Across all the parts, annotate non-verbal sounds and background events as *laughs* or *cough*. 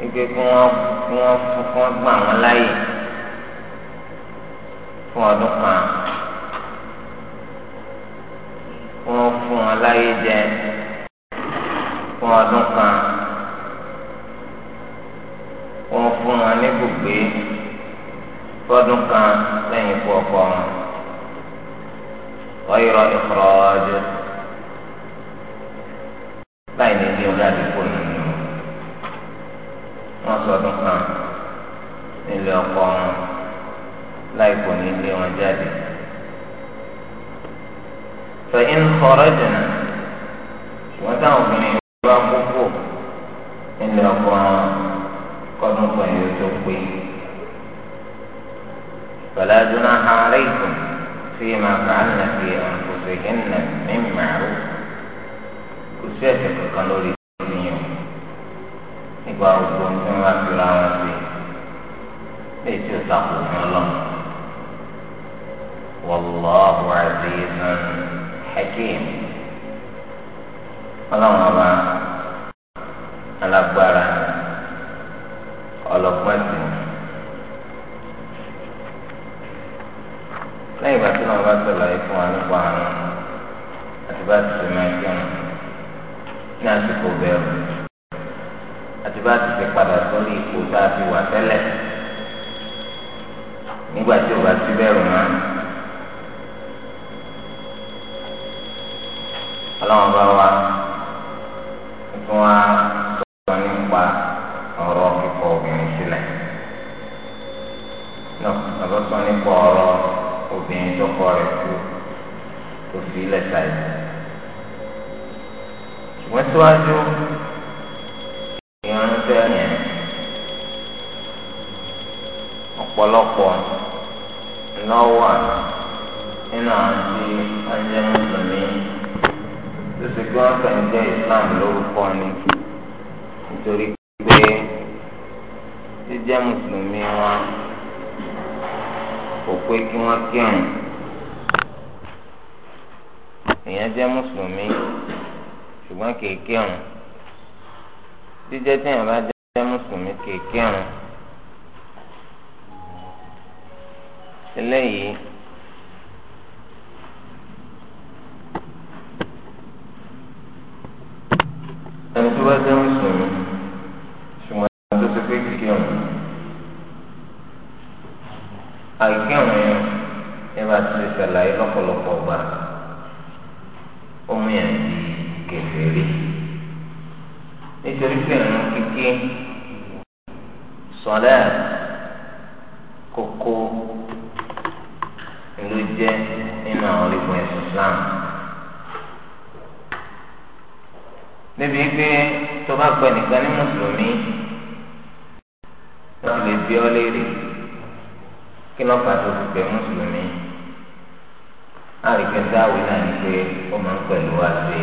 wípé kí wọ́n kí wọ́n fún kí wọ́n gbà wọ́n láàyè fún ọdún kan kí wọ́n fún wọn láàyè jẹ fún ọdún kan. خرج tí o bá ti bẹ̀rù mọ́. ọlọ́run bá wa fún wa sọ nípa ọ̀rọ̀ kíkọ obìnrin sílẹ̀. náà lọ sọ nípa ọ̀rọ̀ obìnrin tọkọ rẹ̀ kú tó fi ilẹ̀ sáyé. ṣùgbọ́n síwájú ìrìn fẹ́ ọ̀pọ̀lọpọ̀ lọ́wọ́ nínú àti ẹ̀jẹ̀ mùsùlùmí tó sì gbọ́ kẹ̀ǹjẹ́ Islam lórúkọ ni nítorí pé jíjẹ́ mùsùlùmí wọn kò pé kí wọ́n kírun èèyàn jẹ́ mùsùlùmí ṣùgbọ́n kìí kírun jíjẹ́ tí èèyàn bá jẹ́ mùsùlùmí kìí kírun. eléyìí ẹni tó bá jẹ́ mùsùlùmí ṣùgbọ́n ẹni tó ṣe pé kíkẹ́hùn àìkẹ́hùn yẹn ní bá ti ṣe ṣàlàyé lọ. níbi pé tó bá pẹ nìkan ní mùsùlùmí wọn lè bí ọ léèrè kí ló fà tó fi pẹ mùsùlùmí àríkẹ́ dáwé náà ni pé ó máa ń pẹ̀lú wá sí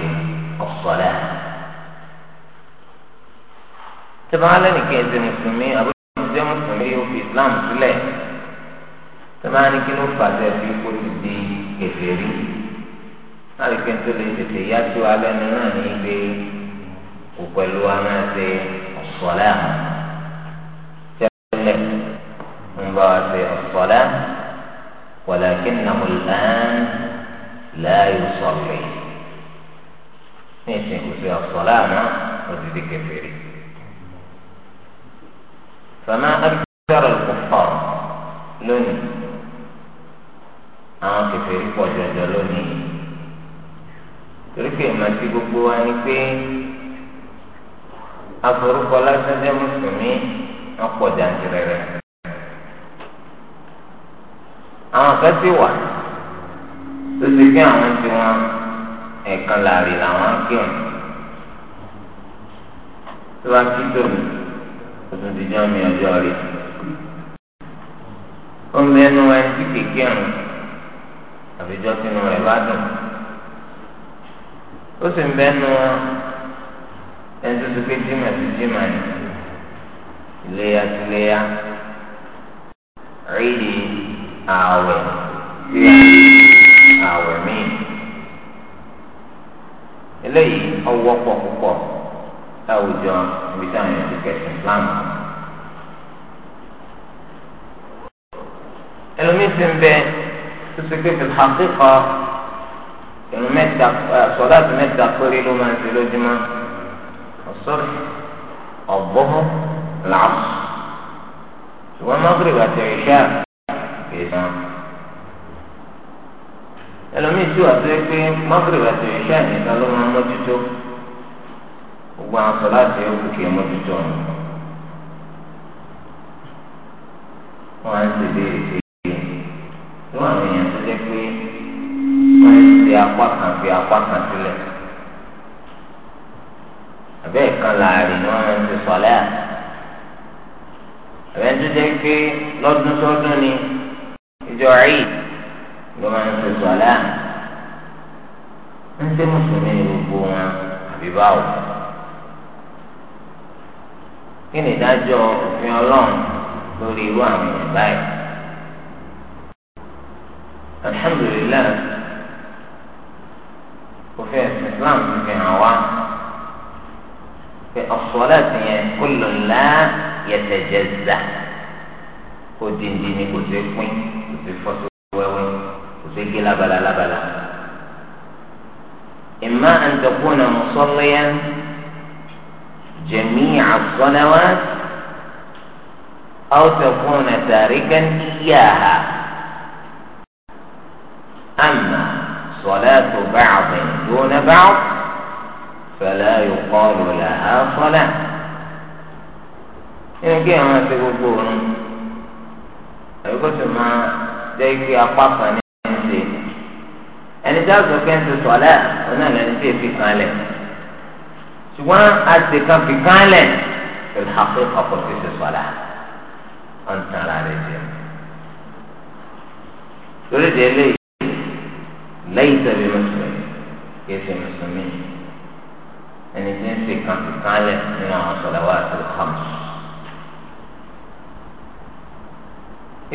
ọ̀sọ́lá tó bá lẹ́nu kí ẹ̀sìn mùsùlùmí àbúrò jẹ́ mùsùlùmí ó fi Islam sílẹ̀ tó bá ní kí ló fà tẹ̀ fi kó ti di kèfèrí àríkẹ́ tó lè tètè yá tó alẹ́ nu náà ni kò pẹ̀lú wa máa ṣe ọ̀sọ̀lá tẹ́lẹ̀ ń bá wa ṣe ọ̀sọ̀lá walakinnahu al-an la yusalli ní ìsìn kò ṣe ọ̀sọ̀lá àmọ́ òdìdí kẹfẹ́rì. fama akthara al-kuffar lónìí àwọn kẹfẹ́rì pọ̀ jọjọ lónìí torí pé ìmọ̀ tí gbogbo wa ni pé aforúkọ lásán jẹ́ mùsùlùmí wọ́n pọ̀ jàǹtìrẹrẹ. àwọn kan ti wà tó ti fi àwọn tí wọn ẹ̀ẹ̀kan láàrí làwọn kírun tó bá kí tóbi tó tún ti jẹ́ omi ọjọ́ rẹ̀. ó mẹ́nu ẹni tí kèké ọ̀run àfijọ́ sínú rẹ̀ bá dùn ó sì ń bẹ́nu wọn ẹni tó ti pé jimá sí jimá ni iléyà sí iléyà rídì ààwẹ̀ ààwẹ̀ míì eléyìí ọwọ́ pọ̀ púpọ̀ láwùjọ ibi táwọn èèyàn ti kẹsì Islam. ẹlòmíín ti ń bẹ tó ti pé fi hàkíkọ ìrun mẹ́ta sọ̀dáàtì mẹ́ta péré ló máa ń ṣe lójúmọ́. الصبح الظهر العصر ṣùgbọ́n mọ́gírìbì àti ìṣá ìṣá ẹlòmíì tí wà tó yẹ pé mọ́gírìbì àti ìṣá ìṣá ló máa mójútó gbogbo àwọn sọ láti ẹkú kì í mójútó ọ̀hún. wọ́n á ń ṣe béèrè pé tí wọ́n àwọn èèyàn tó jẹ́ pé wọ́n ń ṣe apá kan fi apá kan sílẹ̀ àbẹ́ ìkan láàrin ni wọ́n máa ń ti sọ̀lẹ́ à àbẹ́ tó jẹ́ pé lọ́dún sọ́dún ni ìjọ rí ló máa ń ti sọ̀lẹ́ à ń ṣe mùsùlùmí ní gbogbo wọn àbí báwo kí ni ìdájọ́ òfin ọlọ́run lórí irú àwọn èèyàn báyìí alhamdulilayi òfin islam fi hàn wá. في الصلاة كل لا يتجزع ودين ديني وزيكوين وزيفوين وزيكلا بلا لا بلا إما أن تكون مصليا جميع الصلوات أو تكون تاركا إياها أما صلاة بعض دون بعض يقال لها صلاة إن كي أنا تقول ẹ̀rọ̀kọ́sọ̀ máa jẹ́ kí apá kan ní ẹ̀ńdẹ̀. ẹni tí a sọ pé ń ti sọ̀lẹ́ ọ̀nà ìlànà tí èfi kan lẹ̀. ṣùgbọ́n a ti kan fi kan lẹ̀ pẹ̀lú àpò ọkọ̀ tí ti sọ̀lẹ́ ọ̀n tán ara rẹ̀ jẹ́. torí de eléyìí lẹ́yìn tẹ̀lé mùsùlùmí kì í ṣe mùsùlùmí ẹni tí ń ṣe kankanlẹ̀ nínú àwọn sọ̀làwàtì hams.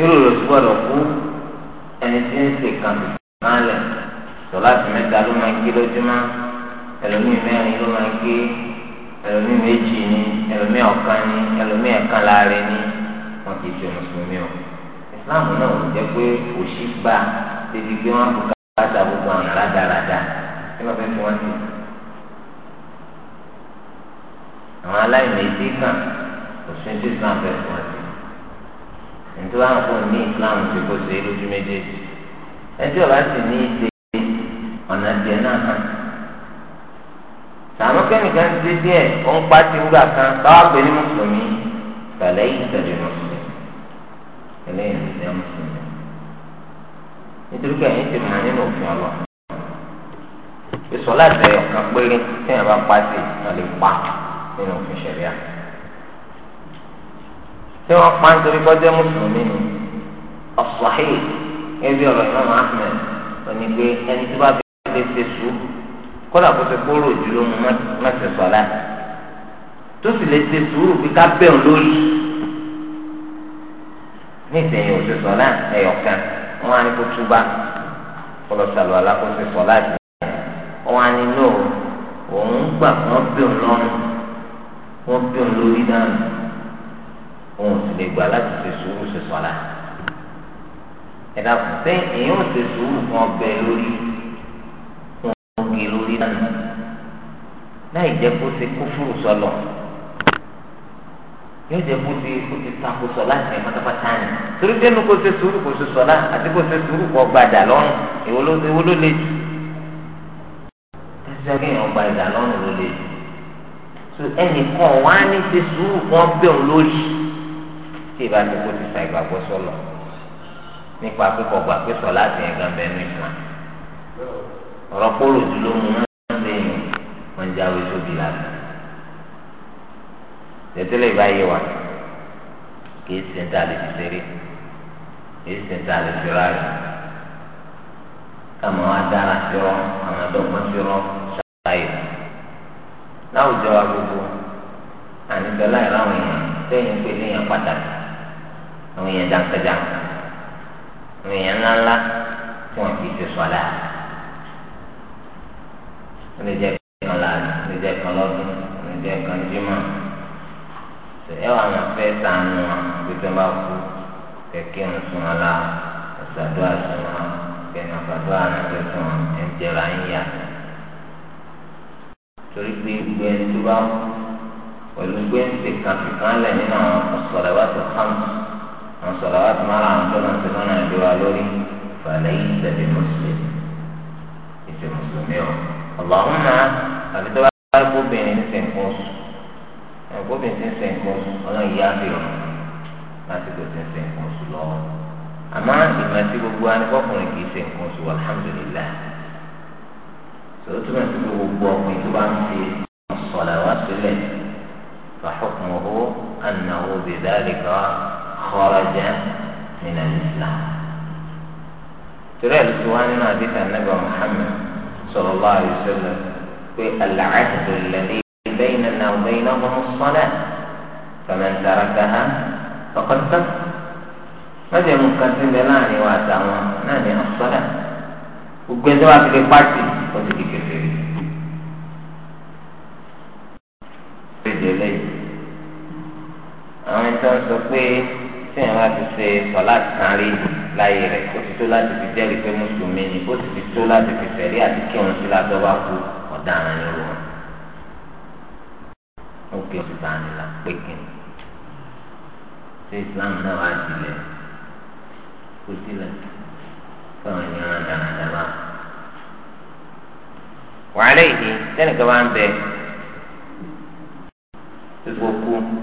irú rẹ̀ sì gbọ́dọ̀ kú ẹni tí ń ṣe kankanlẹ̀ sọ̀láàtì mẹ́ta ló máa ń gé lójúmọ́ ẹlòmíì mẹ́rin ló máa ń gé ẹlòmíì méjì ni ẹlòmíì ọ̀kan ni ẹlòmíì ẹ̀kan láàrin ni wọ́n kì í ṣe mùsùlùmí o. islam náà ò jẹ́ pé òṣì gbà débi pé wọ́n kò ká bàtà gbogbo àwọn aládàáradà kí wọ́n fẹ́ fi wọ́n ti àwọn aláìmẹ̀sí kan òfin tí islam fẹ́ fún ẹ nítorí àwọn fún ní islam ti kó ṣe lójú méjèèjì ẹjọ́ bá sì ní ìdè ọ̀nà díẹ̀ náà hàn sàmú kẹ́nìkan ti dé díẹ̀ ó ń pa ti ń gbà kan báwa pè ní mùsùlùmí tàlẹ́ yìí tẹ̀lé mùsùlùmí eléyìí ní ìdí mùsùlùmí nítorí pé ẹ̀yin ti mọ̀ nínú òfin ọlọ́run ìsọ̀lá tẹ̀ ọ̀kan péré tí bá pa sí ìtàn pa nínú òfin ṣẹ̀ríà tí wọ́n pa nítorí kọjá mùsùlùmí ni ọ̀sùwàhí ẹbí ọ̀rọ̀ ìmáàmù ahmed òní pé ẹni tó bá fi ṣe ṣe sùn kódà kó ṣe kóró jù ló mu má ṣe sọ̀lá tó sì lè ṣe sùúrù bí ká bẹ̀ ọ́n lórí ní ìsẹ̀yìn òṣè sọ̀lá ẹ̀yọ̀kan wọn á ní kó túbà kọlọsàlù alákòóso sọ̀lá àti wọn á ní nóò òun gbà fún ọ́n bẹ̀ lọ́rùn wọ́n bí òun lórí dànù òun sì lè gbà láti ṣe sùúrù ṣe sọ́la ẹ̀dá kù pé èyí ò ṣe sùúrù kan bẹ lórí òun kì í lórí dànù láì jẹ́ kó ṣe kó fúrù sọlọ yóò jẹ́ kó ṣe kó ṣe tako sọlá ẹ̀ pátápátá ni torí pé nu kó ṣe sùúrù kó ṣe sọlá àti kó ṣe sùúrù kó gbàdà lọ́rùn èwo ló lè jù tẹ́sí ọ̀gá èèyàn gbàdà lọ́rùn ló lè jù ẹnìkan wá ní ti sùúrù wọn bẹ òun lórí tí ìbá ti kó ti sa ìgbàgbọ́ sọlọ nípa pípọ̀ gbà pé sọ láti yẹn gan bẹ́ẹ̀ ní ìfún wa ọ̀rọ̀ pólò tí ló mú wọn ṣe yẹn wọn jáwé sóbì lánàá tẹ̀tẹ̀lẹ̀ ìbá wa kìí ṣe ń ta lè fi ṣeré kìí ṣe ń ta lè fi ráàyè káwọn adára sí ọ àwọn adọ́gbọ́n sí ọ láwùjọ wa gbogbo àníjọ láì láwọn èèyàn sẹ́yìn pé léèyàn pàtàkì àwọn èèyàn jàǹkàjàǹkà àwọn èèyàn ńláńlá tí wọ́n fi ṣe sọ́lá ó lè jẹ́ kan láàrin ó lè jẹ́ kan lọ́dún ó lè jẹ́ kan jímọ̀ ẹ wà wọn fẹ́ sànù wọn pé bá kú kẹ̀kẹ́ ń sun wọn ọ̀sàdúrà sun wọn kẹ́ni ọ̀sàdúrà náà fẹ́ sun ẹ̀ ń jẹ́ra ń yàtọ̀ torí pé gbogbo ẹni tó bá mú pẹ̀lú pé ń fi kàǹkàn lẹ̀ nínú àwọn sọ̀rọ̀ wá tó kàn àwọn sọ̀rọ̀ wá tó máa ràn tó náà ti lọ́nà ìlú wa lórí balẹ̀ yìí tẹ̀lé mùsùlùmí ìṣe mùsùlùmí o. ọ̀làhùn náà àti tó bá bá gbóbìnrin ń sìn kó sùn gbóbìnrin ti ń sìn kó sùn ọlọ́run yìí á fi láti kò ti ń sìn kó sùn lọ́wọ́ àmọ́ ìmọ̀ tí gbogbo anìkọ́kùnrin kì í sìn kó sùn alhamdulilayi. tòun túmọ̀ sí pé gbogbo ọkùnrin tó bá ń ṣe ọ̀sọ̀lá wá sílẹ̀ fàḥukmuhu annahu bidhalika kharaja min al-islam. torí ẹ̀ ló ti wá nínú àdìsí anábà Muhammad sallallahu alaihi wasallam pé al-'ahdu alladhi baynana wa baynahum as-salah faman tarakaha faqad kafar. wọ́n ti mú kan sí ilẹ̀ láàrin wa àtàwọn náà ní ọ̀sọ̀lá gbogbo ẹjọ́ wa ti lè pàṣẹ ó ti di kẹfẹ́ rí. ìdè lẹ́yìn àwọn ìtàn sọ pé tí ìyẹn bá ti ṣe sọ láti kan rí láyé rẹ̀ kò ti tó láti fi jẹ́rìí pé mùsùlùmí ni ó sì ti tó láti fi fẹ̀rí àti kírun sí ládọ́wà kú ọ̀daràn ní wọn. ó kí oṣù tá ni ṣé Islam náà wá jìnlẹ̀ kó sílẹ̀ fún àwọn ènìyàn wàhálà yìí tẹnìkan bá ń bẹ gbogbo kú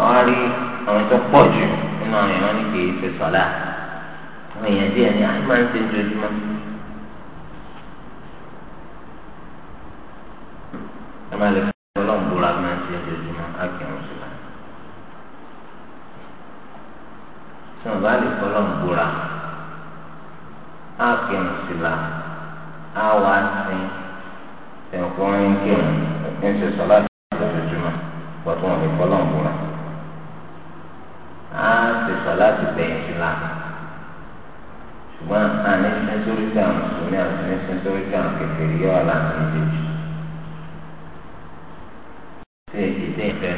àwọn rí àwọn tó pọ̀ jù nínú àwọn èèyàn ní kì í ṣe sọ̀lá àwọn èèyàn díẹ̀ ni àti máa ń ṣe ojoojúmọ́. ẹ máa lè fi ọlọ́run búra máa ń ṣe ojoojúmọ́ àwa sin ẹ̀kúnrin kírun ẹ̀kún ṣe sọ́lá lójoojúmọ́ gbọ́dọ̀ wọn ní kọ́lọ́ǹbùrà á ṣe sọ́lá ti bẹ̀yìn sílá ṣùgbọ́n àní sẹ́ńsórí kan mùsùlùmí àti ní sẹ́ńsórí kan kékeré yọ̀ ọ́ láti méjèèjì ṣe èyí dé ìfẹ́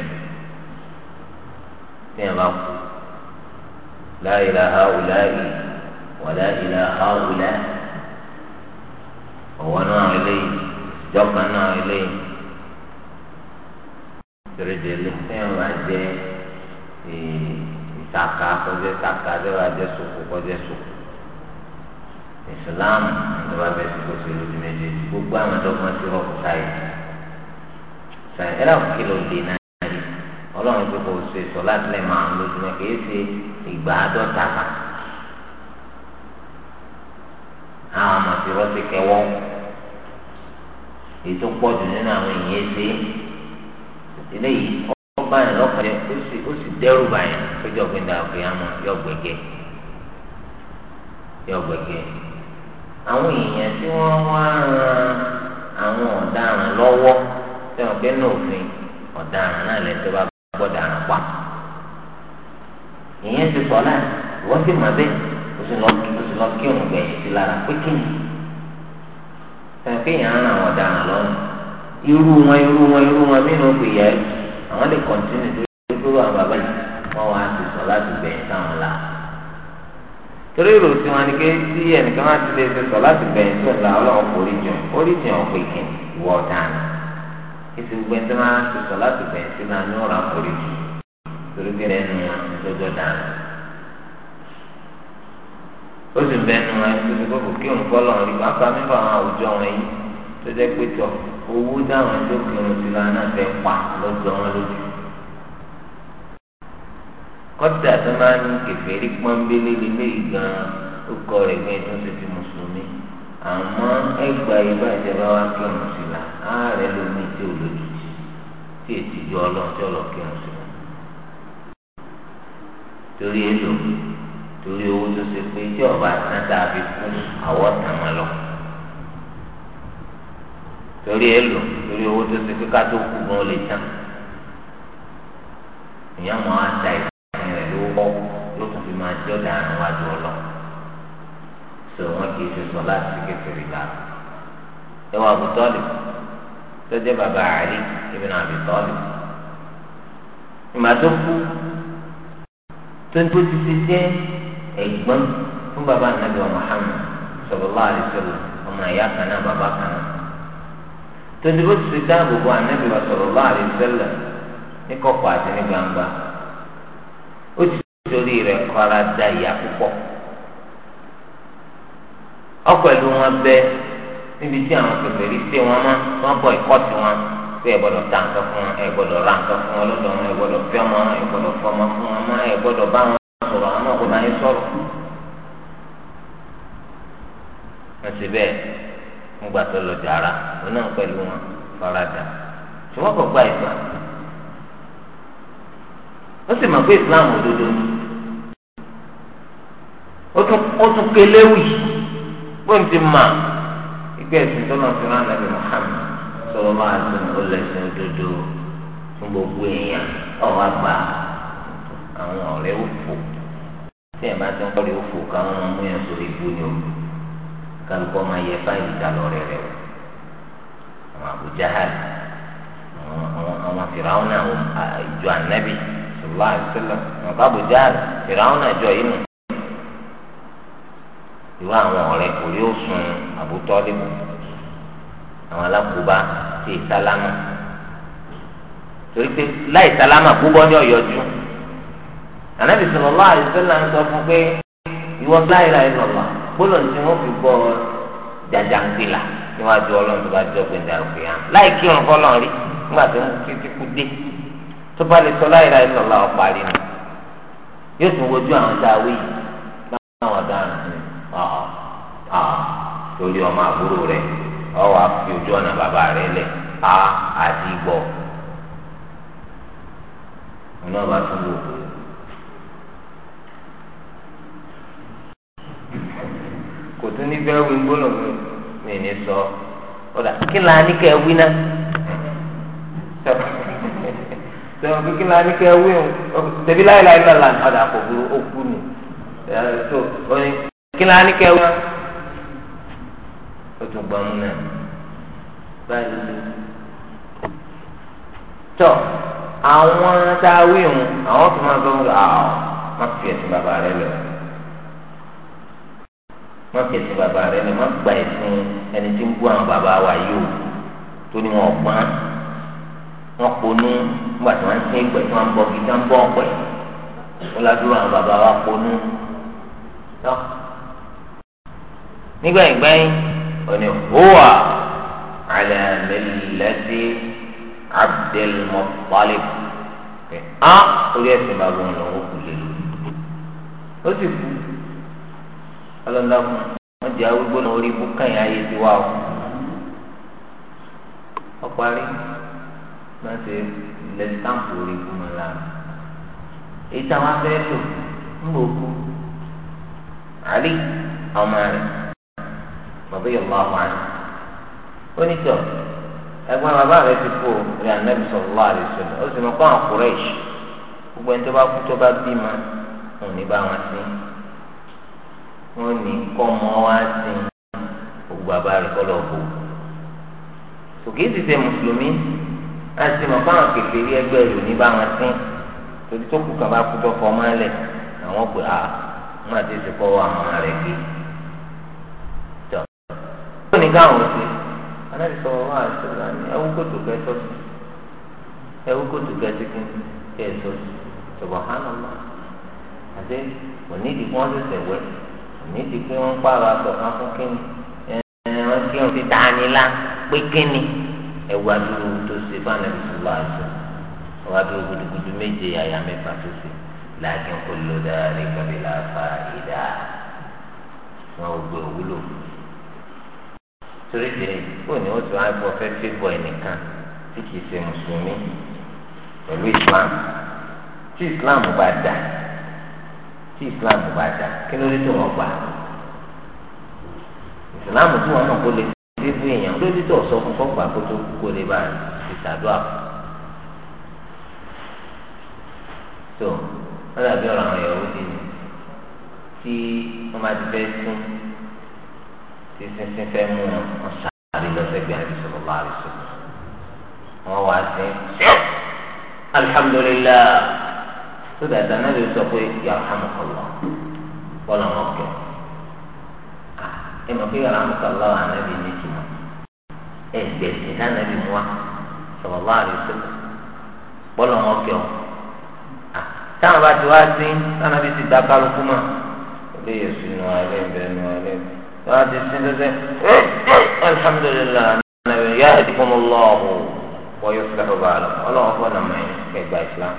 tí ẹ̀ máa kú láìláha wùláì wàláìláha wùláì ọ̀wọ́ náà eléyìí ìjọba náà eléyìí tẹ̀rẹ̀dẹ̀ lẹ́sìn máa jẹ́ eh, ìtaka kọjá ìtaka lẹ́wà jẹ́ sòkò kọjá sòkò Islam ìjọba bẹ́ẹ̀ ti gbèsè lójú méjèèjì gbogbo àwọn ọ̀dọ́gbọ́n ti rọ̀ sáyé sáyé ẹ̀rọ kìlọ̀ lè náà ọlọ́run tó kò ṣe sọ láti lè máa lójúmọ́ kì í ṣe ìgbà àádọ́ta kan. àwọn àmàfẹ́rọ́ ti kẹwọ́ èyí tó pọ̀ jù nínú àwọn èèyàn ṣe eléyìí ọba yẹn lọ́kọ̀ọ́dẹ ó sì dẹ́rù báyẹn sójú ọ̀gbìndà ọ̀gbìyàmọ̀ yọ gbẹ̀gẹ́ yọ gbẹ̀gẹ́ àwọn èèyàn tí wọ́n wá ran àwọn ọ̀daràn lọ́wọ́ fẹ́ràn pé ní òfin ọ̀daràn náà lẹ́yìn tó bá gbọ́dọ̀ àràn pa ìyẹn ti sì lọ ó sì lọ kí òun gbẹ̀yìn sí lára pé kí ni ẹnìkan yẹn ń ràn wọn dànù lọ́nà irú wọn irú wọn irú wọn mí ló gbìyà ẹ àwọn lè kọ́ntínú tó yẹ kó àwọn bàbá yìí wọn wá ti sọ láti gbẹ̀yìn sáwọn la torí ìrò tí wọn ni ké tí ẹnìkan wá ti lè fi sọ láti gbẹ̀yìn tó la ọlọ́run kò rí jẹun ó rí jẹun pé kí wọ́ dànù ètò ìgbẹ́ntẹ́ máa ti sọ láti gbẹ̀yìn sí ó sì bẹ́ẹ̀ nu ẹ tó ti kókò kí òun kọ́ lọ́rùn rí wọn ká mímọ́ àwọn àwùjọ wọn yìí tó jẹ́ pé tọ̀ owó dáhùn tó kí òun ti lọ náà fẹ́ pa lọ́jọ́ wọn lójú. kọ́tà tó máa ń kẹfẹ́ rí pọ́nbélé lélẹ́yìí gan-an ó kọ́ rẹ̀ gbé tó ṣe ti mùsùlùmí àmọ́ ẹgbà ìgbà ìjọba wa kí òun sì là ààrẹ lómi tí ò lójijì tí ètí ju ọlọ́run òun sì là torí owó tó ṣe pé tí ọba tán dàbí fún àwọ̀ tàn wọn lọ torí ẹ lò torí owó tó ṣe pé ká tó kú gan lè tán èèyàn máa ń ta ìsìn rẹ lówó ló tún fi máa jẹ́ ọ̀daràn wájú ọlọ sọ wọn kì í ṣe sọ láti kékeré dáa ẹ wọ àbútọ́lì tó jẹ́ bàbá àárín ibn Abi Talib ìmàdókù tó ń tó ti ti jẹ́ ẹ̀gbọ́n fún bàbá ànábì wa Muhammad sallallahu alaihi wasallam ọmọ ìyá kan náà bàbá kan náà tonti bó ti dáàbò bo ànábì wa sallallahu alaihi wasallam ní kọ̀kọ̀ àti ní gbangba ó ti torí rẹ̀ kọ́ra da ìyá púpọ̀ ọ̀pẹ̀lú wọn bẹ níbi tí àwọn kèfèrí sí wọn mọ́ wọn bọ̀ ìkọ́tù wọn pé ẹ gbọ́dọ̀ ta nǹkan fún wọn ẹ ra nǹkan fún wọn lọ́dọ̀ wọn ẹ gbọ́dọ̀ wọn ẹ fọmọ fún wọn mọ́ bá wọn sọ̀rọ̀ àwọn ọkùnrin náà yẹn sọ̀rọ̀ wọn ti bẹ́ẹ̀ wọn gbà tó lọ jàrá wọn náà pẹ̀lú wọn farada ṣùgbọ́n kò gba ìgbà ó sì mọ̀ pé islam òdodo ni ó tún kéléwì bóun ti mà ìgbẹ́ ìsìn tó náà fi rán nàbì Muhammad sọ̀rọ̀ máa ń sìn ó lẹ́sìn òdodo fún gbogbo èèyàn ọ̀wá gba àwọn ọ̀rẹ́ òfò tí ẹ̀ máa ti ń kọ́lé òfò káwọn ọmọ mú yẹn sórí ibú ni o kálukọ́ máa yẹ fáìlì dálọ́ rẹ̀ rẹ̀ o àwọn Abu Jahal àwọn fìràwọn ìjọ ànábì sallallahu alaihi wasallam àwọn Abu Jahal fìràwọn àjọ yìí nù ìwé àwọn ọ̀rẹ́ kò rí òsùn Abu Talib àwọn alákòóbá ti ìsálámà torí pé láì sálámà púpọ̀ ní ọ̀yọ́jú ànábì sallallahu alaihi wasallam ń sọ fún pé ìwọ láìra ẹ̀ lọ́la gbọ́dọ̀ tí wọ́n fi gbọ́ jàjàngbìlà níwájú ọlọ́run tó bá jọ pé ní àlùkò yá láì kí òun fọlọ́run rí nígbà tó ń títí kú dé tó bá lè sọ láìra ẹ̀ lọ́la ọ̀pá rí nu yóò tún wojú àwọn tá a wí báwọn dáhùn ọ̀ọ́ ọ̀ọ́ torí ọmọ àbúrò rẹ̀ ọwọ́ àfi ojú ọ̀nà bàbá rẹ̀ lẹ̀ á àti gbọ́ ọ̀nà bá tún lò pé kò tún ní bẹ́ẹ̀ wí gbóná mi mi ní sọ ọ̀dà kí la ní kẹ́ wí náà sọ̀rọ̀ *laughs* kí la ní kẹ́ wí o tẹ̀bí láìláì lọ́la ọ̀dà kò burú ó kú nù tó o ní kí la ní kẹ́ wí náà ó gbọ́n mú náà báyìí tọ́ àwọn tá a wí òun àwọn tó máa gbọ́ wọn lọ àwọn má fi ẹ̀sìn bàbá rẹ lọ má fèsì bàbá rẹ ni má gba ẹ̀sìn ẹni tí ń bú àwọn bàbá wa yìí o tó ní wọn gbọ́n wọn ponú nígbà tí wọn ń sin ìpè tí wọn ń bọ kí wọn ń bọ ọ̀pẹ wọn ládùúrà àwọn bàbá wa ponú tán nígbà ìgbẹ́yìn òní hùwà ala millati Abdul Muttalib á orí ẹ̀sìn bàbá wọn lọ́wọ́ kù lé lórí ó sì kú. ọlọ́lákùn wọ́n jẹ́ arúgbó náà orí búkàn yẹn ayé ti wá o. ọparí máa ṣe na sáǹpù orí gbọ́mọ lára. èyí táwọn afẹ́ lò ń bò kú àlè ọmọ rẹ̀ bàbá yọ̀ wá wá ní. ó ní bàbá rẹ̀ ti kú rẹ̀ ànábì ó sì kó àwọn gbogbo ẹni tó bá kú tó bá ma ní bá wọn wọn ní kọ́mọ wá sí òkú bàbá rẹ̀ kọ́ lọ́ọ́ bò òkè ti ṣe mùsùlùmí láti mọ̀ fáwọn kékeré ẹgbẹ́ rẹ̀ ní báwọn sí torí tó kù kàbá kútọ́ fọmọ́ ẹlẹ̀ àwọn pè á wọn àti ìsìnkọ́wọ́ àwọn rẹ̀ gbé tọ́ ó ní káwọn ṣe ní ẹwú sí ẹwú kí ní ti pé wọ́n pààrọ̀ aṣọ kan fún kíni wọ́n kí wọ́n ti dá a nílá pé kíni ẹ̀wà dúró tó ṣe fáwọn ẹ̀sùn wá aṣọ ẹ̀wà dúró gudugudu méje àyà mẹ́fà tó ṣe láàkín kò ló dáadé kọ́bí láfa ìdá wọn ò gbé òwúlò torí de kó ni ó tún á gbọ́ fẹ́ ẹnìkan tí kìí ṣe mùsùlùmí pẹ̀lú Islam tí Islam bá dáa tí islam bá dá kí ló dé tó wọn gbà islam tí wọn náà kó lè dé fún èèyàn ló dé tó sọ fún kọgbà kó tó kó lè bá ìtàdúrà tó wọn dàbí ọ̀rọ̀ àwọn ìyàwó dì ní tí wọn bá ti fẹ́ sún tí sísìn fẹ́ mú wọn sáré lọsẹgbẹ àdìsọlọ bá àdìsọlọ wọn wá sí alihamudulilayi tó dàda náà lè sọ pé yarhamukallah bọ́lá wọn kẹ ah, ẹ mọ̀ pé yarhamukallah ànábì ní ìtumọ̀ ẹ gbẹ̀sìn náà nàbì mú wa sallallahu alaihi wasallam bọ́lá wọn kẹ ọ ah, táwọn bá ti wá sí tánàbí ti dá kálukú mọ́ ọdẹ yẹ sunu alẹ́ bẹ́ẹ̀ nu alẹ́ bẹ́ẹ̀ wọ́n á ti sin sẹ́sẹ́ eh, eh, alhamdulilayi yahdikumullahu wa yuslihu balakum ọlọ́wọ́ fọ́nà mẹ́rin kẹgbà islam.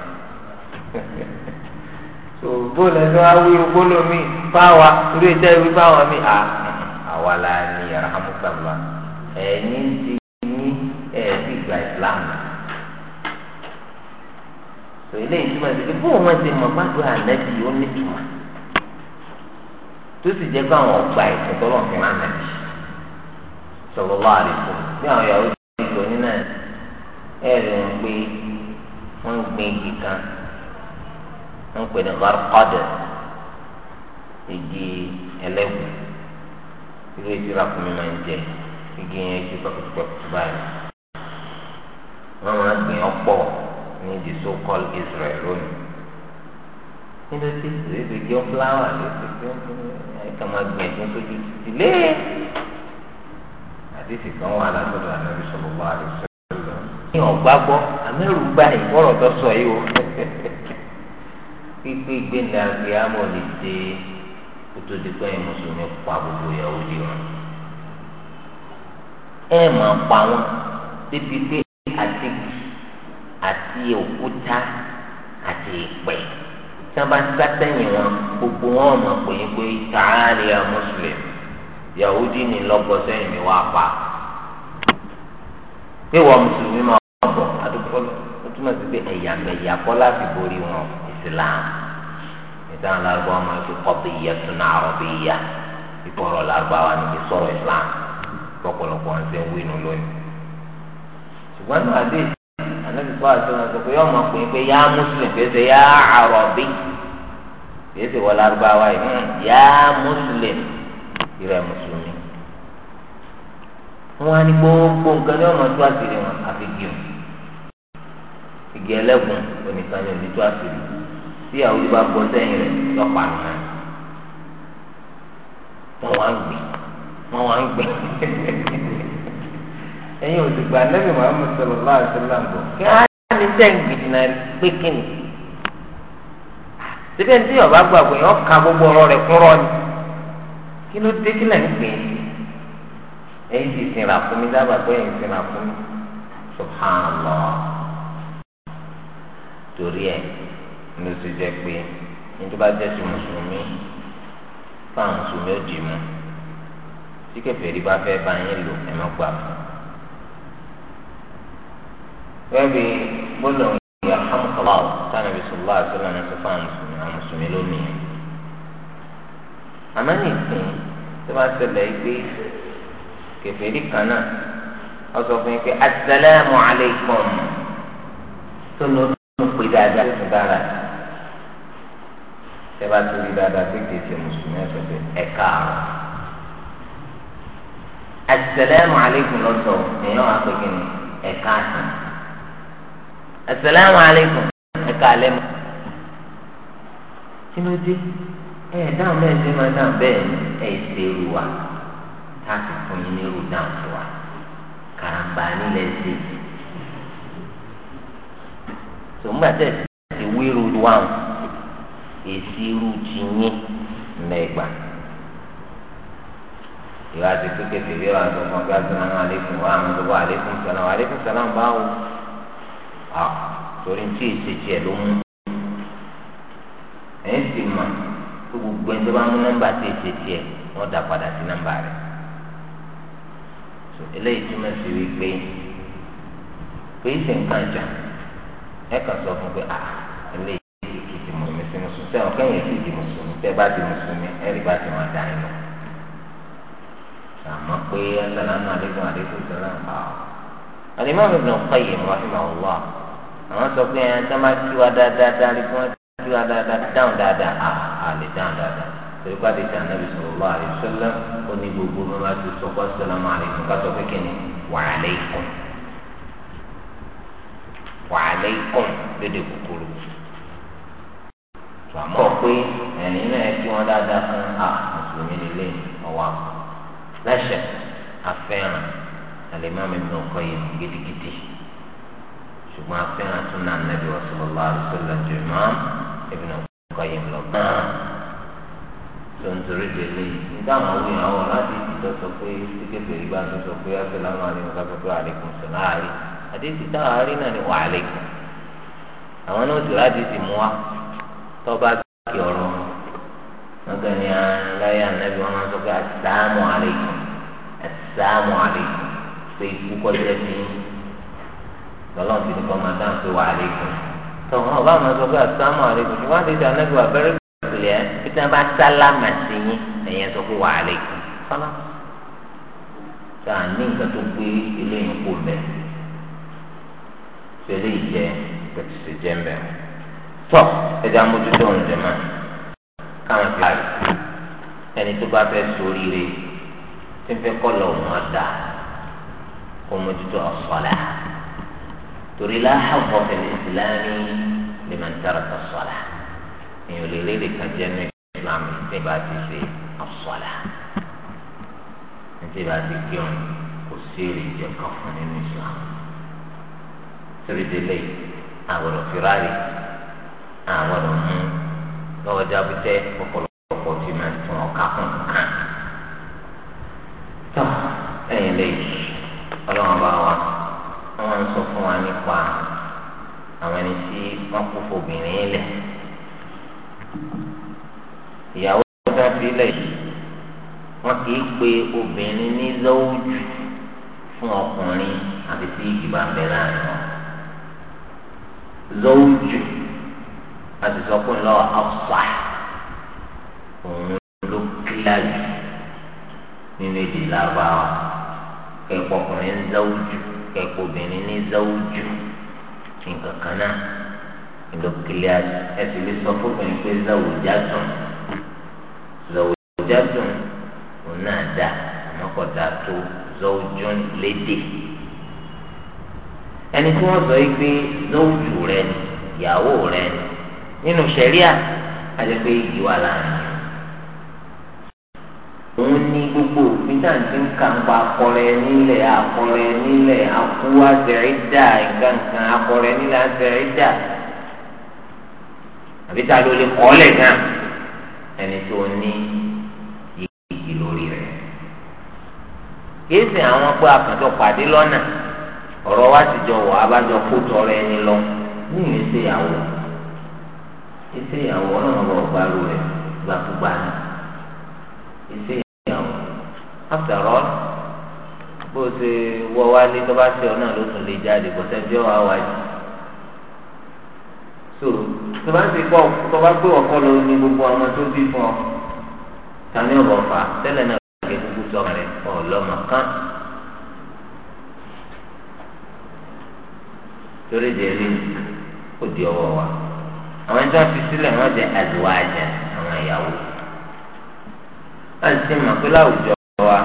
*laughs* so bóòlù ẹni wá wí ogbóló mi báwa irú ìjẹ́ ìwé báwa mi à àwa la ni arahamukaba ẹ̀yin ti ní ẹ̀ẹ́dì gba Islam so eléyìí túmọ̀ sí pé bóòlù wọn ti mọ̀ gbàdúrà ànábì ó ní túmọ̀ tó sì jẹ́ pé àwọn ọgbà ẹ̀sìn tó lọ́n fi máa nà jì sọ̀rọ̀ lọ́wọ́ àdìsọ bí àwọn ìyàwó ti ń lò ní náà ẹ̀rọ ń pé wọ́n ń gbin igi kan ń pè ní gharqadẹ igi ẹlẹ́wù irú èsì ràkúnmí máa ń jẹ igi yẹn ju pẹkutukutu báyìí wọn máa gbìn ọ̀pọ̀ ní the so called Israel lónìí nítorí ìrèké kí ó fúláwà lóṣù kí ó ẹ̀ka máa gbìn ẹ̀dùn sójú títí lé àdéhùn kan wà látọ̀dọ̀ ànábì sọ̀rọ̀ wà lóṣù. ní ọ̀gbá gbọ́ àmì ẹ̀rù gbà ní ìkọ̀rọ̀ tó sọ yìí o. *laughs* pípé gbẹ̀ndà kìámọ̀ lè dé kótó di pé mùsùlùmí pa gbogbo ìyàwó di wọn. ẹ máa pa wọn débi pé àtìkì àti òkúta àti ìpẹ́ tí wọ́n bá sátẹ̀yìn wọn gbogbo wọn mọ̀ pé pé tààrí ya mùsùlùmí ìyàwó dì ní lọ́gbọ̀ sẹ́yìn mi wá pa. pé wọ́n mùsùlùmí máa bọ̀ adúgbò ó túmọ̀ sí pé ẹ̀yà mẹ̀yà kọ́ láti borí wọn islam ìtàn alárúbáwá máa itu kọ́bí yẹ tún àròbí yá ìkọ̀rọ̀ alárúbáwá ni kì í islam pọ̀pọ̀lọpọ̀ ń sẹ́ wínú lónìí. ṣùgbọ́n náà àdé ànábì bá àti wọn sọ pé yọ ọmọ muslim kì ya Arabi. yá àròbí kì í ya wọ alárúbáwá muslim ìrẹ̀ mùsùlùmí. wọn á ní gbogbo nǹkan ní ọmọ tó àṣírí wọn àfi gíọ igi ẹlẹ́gùn oníkan ní tó àṣírí tí àwọn olùgbà bọ́ sẹ́yìn rẹ̀ yọ pàánù náà wọ́n wá ń gbé wọ́n wá ń gbé *laughs* ẹ̀yin olùgbà nẹ́bí muhammed sallallahu alaihi wasallam bọ̀ kí á ní sẹ́ǹgì náà pé kí ni síbẹ̀ ní tí yọ̀ọ́ bá gbàgbọ́ yẹn ọ̀ka gbogbo ọ̀rọ̀ rẹ̀ kúrọ̀ ni kí ló dé kí náà gbé ẹ̀yin ti sìn rà mi dábàá pé ẹ̀yin sìn rà fún mi subhanallah torí ẹ̀ ló ti jẹ́ pé nítorí bá jẹ́ ti mùsùlùmí fáwọn mùsùlùmí ó dì í mú tí kèfèrí bá fẹ́ bá yín lò ẹ má gbà fún un. wẹ́ẹ̀bì gbọ́dọ̀ ìyá hamkala tánà bí sọlá ní sọfà mùsùlùmí àwọn mùsùlùmí lónìí. àmọ́ ní ìsìn tó bá ṣẹlẹ̀ pé kèfèrí kan náà wọ́n sọ fún yín pé asalaamu alaykum tó lọ́ọ́ pé dáadáa tẹ́bá ti rí dáadáa pé kìí ṣe mùsùlùmí ẹ̀sọ́ pé ẹ̀ka àrùn. asalaamu aleykum lọ́tọ̀ èèyàn wà pé kíni ẹ̀ka àtàn. asalaamu aleykum ẹ̀ka alẹ́ mọ́. kí ló dé ẹ̀ dáhùn bẹ́ẹ̀ ṣe máa dáhùn bẹ́ẹ̀ ẹ̀ ṣe é wa tá a ti fún yín ní irú dáhùn fún wa kàràǹbà nílẹ̀ ṣe. tòun gbà tẹ̀ ṣe wíru wa èsì irú ti yín mẹ́gbà ìwà ti tó kéde bí wà tó fún ọgbà sọlá aleikum wà àwọn tó wà aleikum sọlá wà aleikum sọlá bá wò à torí tí èsì tiẹ̀ ló mú ẹ̀yìn sì mà kó gbogbo ẹni tó bá mú nọ́mbà tí èsì tiẹ̀ wọ́n dà padà sí nọ́mbà rẹ̀ eléyìí túmọ̀ sí wípé pé nǹkan jà ẹ kàn sọ fún pé sẹ ọ kẹyìn ti di mùsùlùmí tẹ bá di mùsùlùmí ẹrí bá ti wọn dá inú àmọ́ pé assalamu alaikum alaikum sọlá ń bá ọ. Al-Imam Ibn Qayyim rahimahullah àwọn sọ pé ẹ ṣe máa kí wa dáadáa dárí kí wọn kí wa dáadáa dáhùn dáadáa à lè dáhùn dáadáa torí pé àti sàn nàbì sallallahu alaihi wasallam ó ní gbogbo mi máa ti sọkọ assalamu alaikum ká sọ pé kí ni wa alaikum wa alaikum lédè kúkúrú àmọ́ pé ẹ̀yin náà kí wọ́n dáadáa fún a mùsùlùmí nílé ọ̀wá lẹ́sẹ̀ afẹ́ràn alimami ibn Qayyim gidigidi ṣùgbọ́n afẹ́ràn tún náà nàbí sallallahu alaihi wasallam jùmọ́ ibn Qayyim lọ gbọ́n tó ń torí délé nígbà wọn wí àwọn láti ìdíjọ sọ pé síkèbè ìgbà tó sọ pé asalamu alaykum ká sọ pé alaykum sọlá àárín àdéhùn táwọn àárín náà ni wà á lè àwọn náà tọ́ba kí ọ̀rọ̀ lọ́gàn ní aláya nàbí wọn sọ pé asáàmù àlejò asáàmù àlejò pé ikú kọjá sí lọ́lọ́run ti ní kọ́ máa dáhùn pé wà àlejò tọ̀hún ọba àwọn sọ pé asáàmù àlejò ṣùgbọ́n àti ìjà nàbí wà bẹ́rẹ̀ pẹ̀lẹ́ bí tí wọ́n bá sálámà sí yín ẹ̀yẹn sọ pé wà àlejò fọlá tá a ní nǹkan tó gbé eléyìí kó mẹ́ ṣe eléyìí jẹ́ pẹ̀tùsẹ̀ jẹ́ mẹ́rin tọ́ ẹja mójútó ọ̀hún jẹ̀ máa káwọn fi àyè ẹni tó bá fẹ́ sóríire tí ń fẹ́ kọ́lọ̀ ọ̀hún ọ̀dà kó mójútó ọ̀sọ́lá torí láhàbọ̀ fẹ̀lẹ̀ ìsìlámì lè máa ń tẹ̀rẹ̀ ọ̀sọ́lá èèyàn lè lè lè kàjẹ́ ní ìsìlámì tí bá ti ṣe ọ̀sọ́lá tí bá ti kí ọ̀hún kò sí èrè kan fún nínú ìsìlámì torí délé àwọn òfìrárì àwọn ọ̀dọ̀ mú lọ́wọ́ jábútẹ́ ọ̀pọ̀lọpọ̀ tí máa tún ọ̀ka kùn kàn. tó ẹ̀yìn lẹ́yìn ọlọ́run bá wa wọ́n ń sọ fún wa nípa àwọn ẹni tí wọ́n kú fòbìnrin lẹ̀. ìyàwó dábìlẹ̀ yìí wọ́n kì í pe obìnrin ní lọ́wọ́jù fún ọkùnrin àti tí ìjìbá ń bẹ láàrin wọn. lọ́wọ́jù àti sọ pé ńlọ àfà òun ló kíláàsì nínú èdè lárúbáwá kẹpọ ọkùnrin ń záwùjú kẹpọ obìnrin ní záwùjú nǹkan kan náà ló kíláàsì ẹ sì lè sọ fún obìnrin pé záwùjá dùn záwùjá dùn òun náà dà àmọ́ kò dà tó záwùjú lédè ẹni tí wọ́n sọ yìí pé záwùjú rẹ ìyàwó rẹ ni nínú sẹ̀ríà àjẹpẹ́ ìwà láàrin òun ní gbogbo òfin náà ti ń kà ń pa akọrẹ nílẹ̀ akọrẹ nílẹ̀ akú àtẹ̀rídà ìgbàǹkan akọrẹ nílẹ̀ àtẹ̀rídà àbí ta ló lè kọ́lẹ̀ náà ẹni tó ní igi lórí rẹ̀. kìí sìn àwọn pé àkàndọ pàdé lọ́nà ọ̀rọ̀ wa ti jọ wọ̀ abájọ kó tọrọ ẹni lọ ní ìrẹsẹ̀ àwọn iṣẹ ìyàwó Ọlọ́run bọ gbaru rẹ gbàkúgbà ni iṣẹ ìyàwó after all bó o ṣe wọ wálé tó bá ṣe ọ náà ló tún lè jáde kò sẹ́ni tí ó wà wájú so tó bá ń ṣe kọ́ tó bá gbé ọkọ lọ ní gbogbo ọmọ tó bí fún ọ tani ọ̀bọ̀ fà tẹ́lẹ̀ náà kò gbé gbogbo sọ́mọ rẹ ọlọ́mọ kan. torí dèrè ó di ọwọ́ wa. àwọn ẹni tí wọ́n fi sílẹ̀ wọ́n jẹ́ àdùwájà àwọn ìyàwó láti ṣe mọ̀ pé láwùjọ wa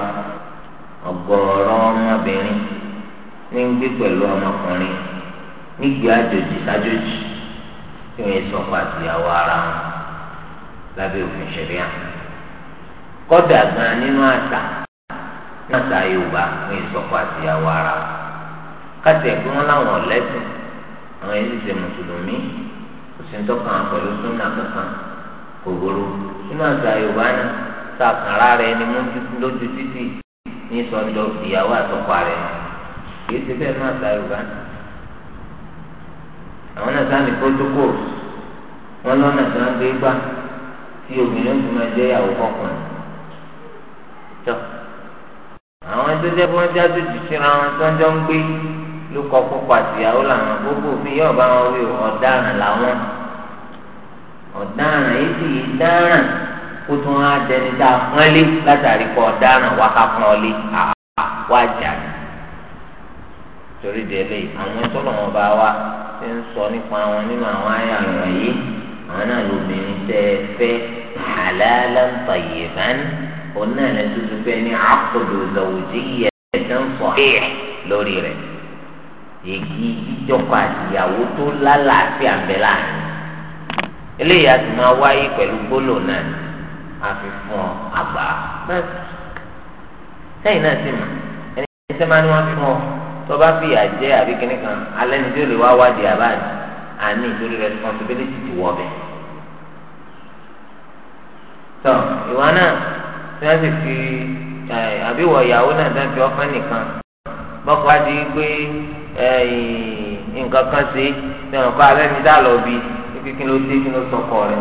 ọ̀gọ̀ọ̀rọ̀ ọmọbìnrin ní ń gbé pẹ̀lú ọmọkùnrin nígbè àjòjì sájòjì tí wọ́n sọ pa àtìyàwó ara wọn lábẹ́ òfin ṣẹ̀ríà kọ́dà gan nínú àṣà nínú àṣà Yorùbá wọ́n sọ awa ara wọn wọ́n òsèǹtọ́kàn pẹ̀lú súnà kankan kòkòrò súnà àgbà yorùbá náà tá a kàn lára ẹni mú lójú títì ní sọ́jọ́ ìyàwó àtọ́kọ rẹ̀ kì í bẹ́ẹ̀ náà àgbà yorùbá náà àwọn náà sáà ní protocols wọn lọ́nà tí wọ́n gbé gbá tí obìnrin tó máa jẹ́ ìyàwó tó jẹ́ wọn tó ń jọ ń lókọ púpọ̀ àtìyàwó làwọn gbogbo òfin yóò bá wọn wí ọ̀daràn làwọn ọ̀daràn yìí sì yìí dáràn kó tún á dẹni tá a pọ́nlé látàrí kọ ọ̀daràn wá ká pọ́nlé àwa jàre torí délé àwọn tọ́lọ̀ wọn bá wa ti ń sọ nípa wọn nínú àwọn àyà rẹ̀ yìí àwọn náà lóbìnrin tẹ́ ẹ fẹ́ halalan tayyiban òun náà lẹ́tọ́ tó fẹ́ ní aqdu zawjiyatan sahih lórí rẹ̀ èyí ìjọkọ àtìyàwó tó lálàáfíà ńbẹ̀lá eléyìí a sì máa wáyé pẹ̀lú gbólò náà àfihàn àgbà náà sẹ́yìn náà sì mọ̀ ẹni tí wọ́n máa ń fún ọ tó bá fìyà jẹ àbí kíní kan alẹ́ ní tí ó lè wá wádìí àbáàdì àní ìtorí responsibility ti wọ̀ bẹ́ẹ̀. tọ ìwà náà tí wọ́n sì fi àbíwọ̀ ìyàwó náà dáńtì ọ̀fẹ́ nìkan bọ́kọ̀ á di pé nǹkan kan ṣe ní ọ̀nà kan alẹ́ ní dá lọ bí kí kí ló dé kí ló sọkọ rẹ̀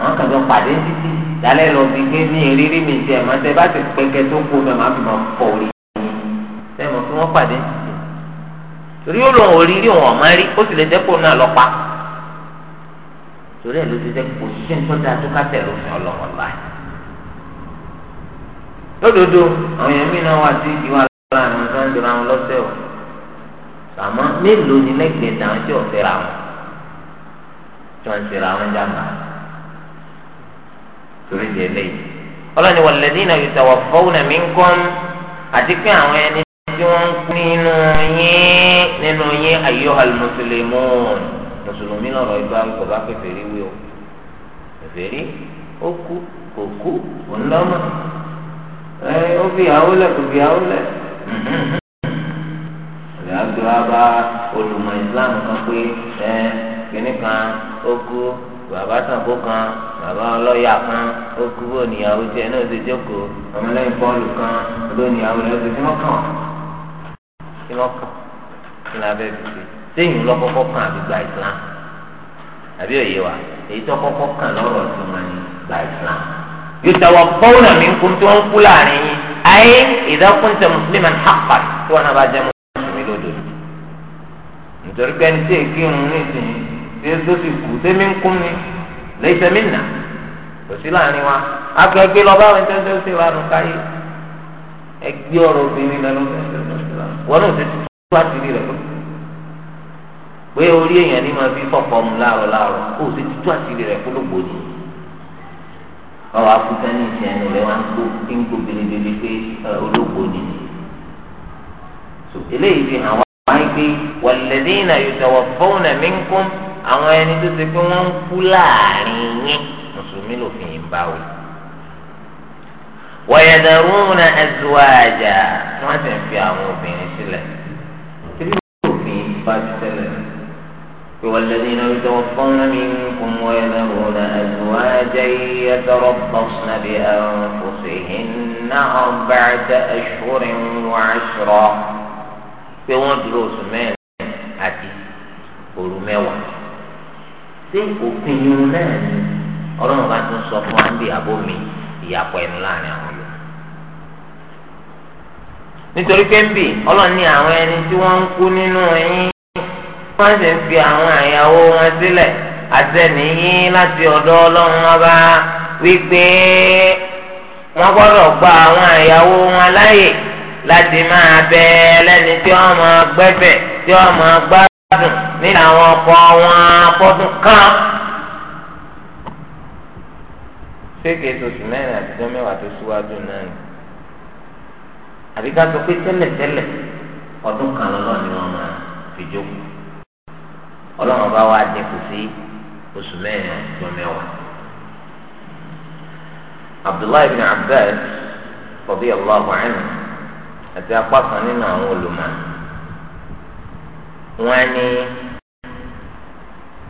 àwọn kan tó pàdé títí dálẹ́ lọ bí gbé ní ìrírí mi tiẹ̀ máa tẹ bá ti pẹ́kẹ́ tó kú bẹ́ẹ̀ máa fi máa fọ̀ orí bẹ́ẹ̀ mọ̀ kí wọ́n pàdé torí ó lòun òrírí òun ọ̀mọ́ rí ó sì lè jẹ́ kó náà lọ pa torí ẹ̀ ló ti jẹ́ kó sí ní tó tó ká tẹ̀ lófin ọlọ́wọ́n láì lódodo àwọn èèyàn mi náà wá ra àwọn tó ń jọra wọn lọ́sẹ̀ o àmọ́ mélòó ni lẹ́gbẹ̀ẹ́ náà tí ò fẹ́ ra wọn tí wọ́n ti ra wọn jàmbá torí di eléyìí ọlọ́ni walladhina yatawaffawna minkum àti pé àwọn ẹni tí wọ́n ń kú nínú yín nínú yín ayyuhal muslimun mùsùlùmí lọ́rọ̀ ìgbà kò bá pèfè rí wí o pèfè ó kú kò kú òun lọ́mọ ẹ ó fi àwọn lẹ̀ kò fi àwọn lẹ̀. ìyàgbé wa bá olùmọ̀ islam kan pé ẹ eh, kìnnì kan ó kú bàbá sàǹkó kan bàbá ọlọ́yà kan ó kú bó níyàwó tiẹ̀ náà ti jókòó ọmọlẹ́yìn bọ́ọ̀lù kan bó níyàwó rẹ̀ ti mọ́ kàn kàn fi ṣe lọ́kọ́kọ́ gba islam àbí òye wa èyí tó kọ́kọ́ lọ́rọ̀ gba islam yóò bọ́ọ̀nà mi tó ń kú ayé ìdákùnṣe mùsùlùmí hàpà tí wọn náà bá jẹ mùsùlùmí lódodo nítorí pé ẹni tí èké irun nísìnyí tí ó sì kú sẹ́mi ń kún ni lẹ́yìn sẹ́mi nà kò sí láàrin wa akẹgbẹ́ lọ báwọn ẹni tó ń ṣe wà nù káyé ẹgbẹ́ ọ̀rọ̀ obìnrin lẹ́nu wọn ni màá fi fọ̀pọ̀ mu láàrọ̀ láàrọ̀ kó o sì ọwọ́ akutẹ ní ìṣẹnu rẹ wọn kó kínkù belebele pé olóko ni eléyìí fi hàn wáyé pé walladhina yutawaffawna minkum àwọn ẹni tó ṣe pé wọ́n ń kú láàrin yín mùsùlùmí lòfin yìí ń bá wò wọ̀yẹ̀dẹ̀rúnà azwaja wọ́n ti ń fi àwọn obìnrin sílẹ̀ tí bí òfin bá ti tẹ́lẹ̀ والذين يتوفون منكم ويذرون أزواجا يتربصن بأنفسهن أربعة أشهر وعشرا pé wọ́n dúró oṣù mẹ́rin àti òru mẹ́wàá ṣé òfin yìí náà ni ọlọ́run bá tún sọ fún wa bí abómi ìyàpọ̀ ẹnu láàrin àwọn yòó. nítorí pé ń bì ọlọ́run ní àwọn ẹni tí wọ́n ń kú nínú ẹ̀yìn wọ́n sì ń fi àwọn àyàwó wọn sílẹ̀ àtẹnìyí láti ọ̀dọ́ ọlọ́run ọba wípé wọ́n gbọ́dọ̀ gba àwọn àyàwó wọn láàyè láti máa bẹ ẹlẹ́ni tí wọ́n máa gbẹ́fẹ̀ tí wọ́n máa gbádùn nínú àwọn ọkọ̀ wọn fọ́dún kan. ṣé kìí oṣù mẹ́rin àtijọ́ mẹ́wàá tó síwájú náà ni àbí ká sọ pé tẹ́lẹ̀tẹ́lẹ̀ ọdún kan lọ́nà ni wọ́n máa fi jókòó. ọlọ́run bá wá dínkù sí oṣù mẹ́rin ọjọ́ mẹ́wàá. abdullahi bin abed radiyallahu anhu àti apá nínú àwọn olùmọ̀ wọn ní